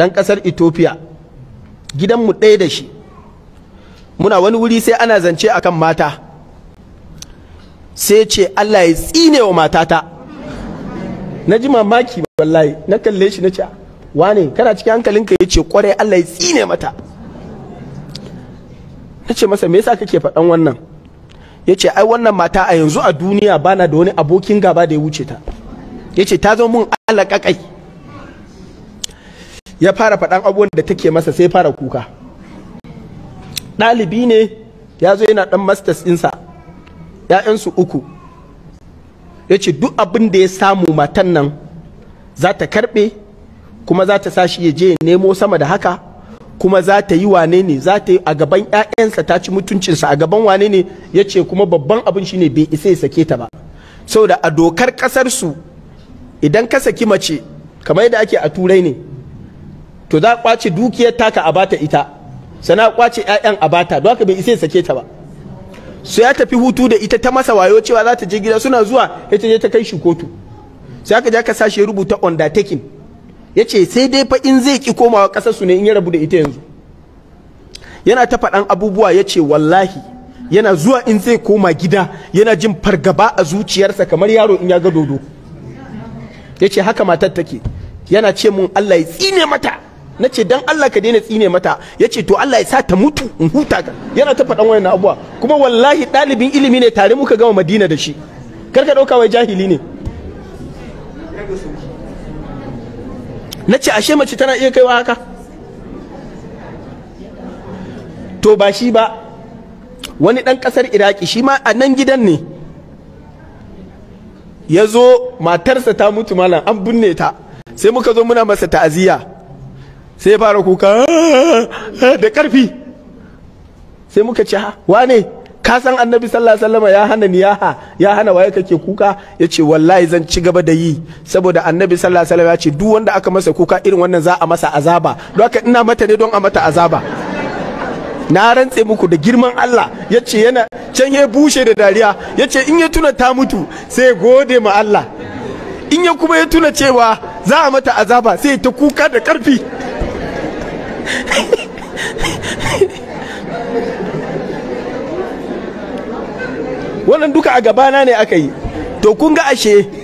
ɗan ƙasar ethiopia gidanmu ɗaya da shi muna wani wuri sai ana zance akan mata sai ce allah ya tsine wa matata na ji mamaki wallahi na kalle shi na ce wane kana cikin hankalinka ya ce kwarai allah ya tsine mata na ce masa me yasa kake faɗan wannan ya ce ai wannan mata a yanzu a duniya bana da wani abokin gaba da ya wuce ta ya ce ta zo mun alaƙaƙai ya fara faɗan abubuwan da take masa sai fara kuka ɗalibi ne ya zo yana ɗan masters ɗinsa ‘ya'yansu uku ya ce duk abin da ya samu matan nan za ta karɓe kuma za ta sashi ya je nemo sama da haka kuma za ta yi wane ne za ta yi a gaban 'ya'yansa ta ci mutuncinsa a gaban wane ne ya ce kuma babban abin shi ne bai isa ya sake ta ba Sau da a dokar ƙasarsu idan ka saki mace kamar yadda ake a turai ne to za a kwace dukiyar taka a bata ita sana kwace ƴaƴan a bata don haka bai isa sake ta ba su ya tafi hutu da ita ta masa wayo cewa za ta je gida suna zuwa ya ce je ta kai shi kotu sai aka ja ka sashi ya rubuta undertaking ya ce sai dai fa in zai ki komawa ƙasar su ne in ya rabu da ita yanzu yana ta faɗan abubuwa ya ce wallahi yana zuwa in zai koma gida yana jin fargaba a zuciyarsa kamar yaro in ya ga dodo ya ce haka matar take yana ce mun Allah ya tsine mata na ce dan Allah ka daina tsine mata yace ce to Allah ya sa ta mutu in huta ka yana ta faɗan wayan abuwa kuma wallahi ɗalibin ilimi ne tare muka gama madina da shi kar ka ɗauka wai jahili ne na ce ashe mace tana iya kaiwa haka to ba shi ba wani ɗan ƙasar iraki shi ma a nan gidan ne ya zo matarsa ta mutu malam an binne ta sai muka zo muna masa ta'aziyya sai fara kuka ah, da karfi sai muka ce wane ka san annabi sallallahu alaihi wasallam ya hana niyaha ya hana waye kake kuka yace wallahi zan ci gaba da yi saboda annabi sallallahu alaihi wasallam ya ce duk wanda aka masa kuka irin wannan za a masa azaba don haka ina mata ne don a mata azaba na rantse muku da girman Allah yace yana can ya bushe da dariya yace in ya tuna ta mutu sai ya gode ma Allah in ya kuma ya tuna cewa za a mata azaba sai ta kuka da karfi wannan duka a gabana ne aka yi to kun ga ashe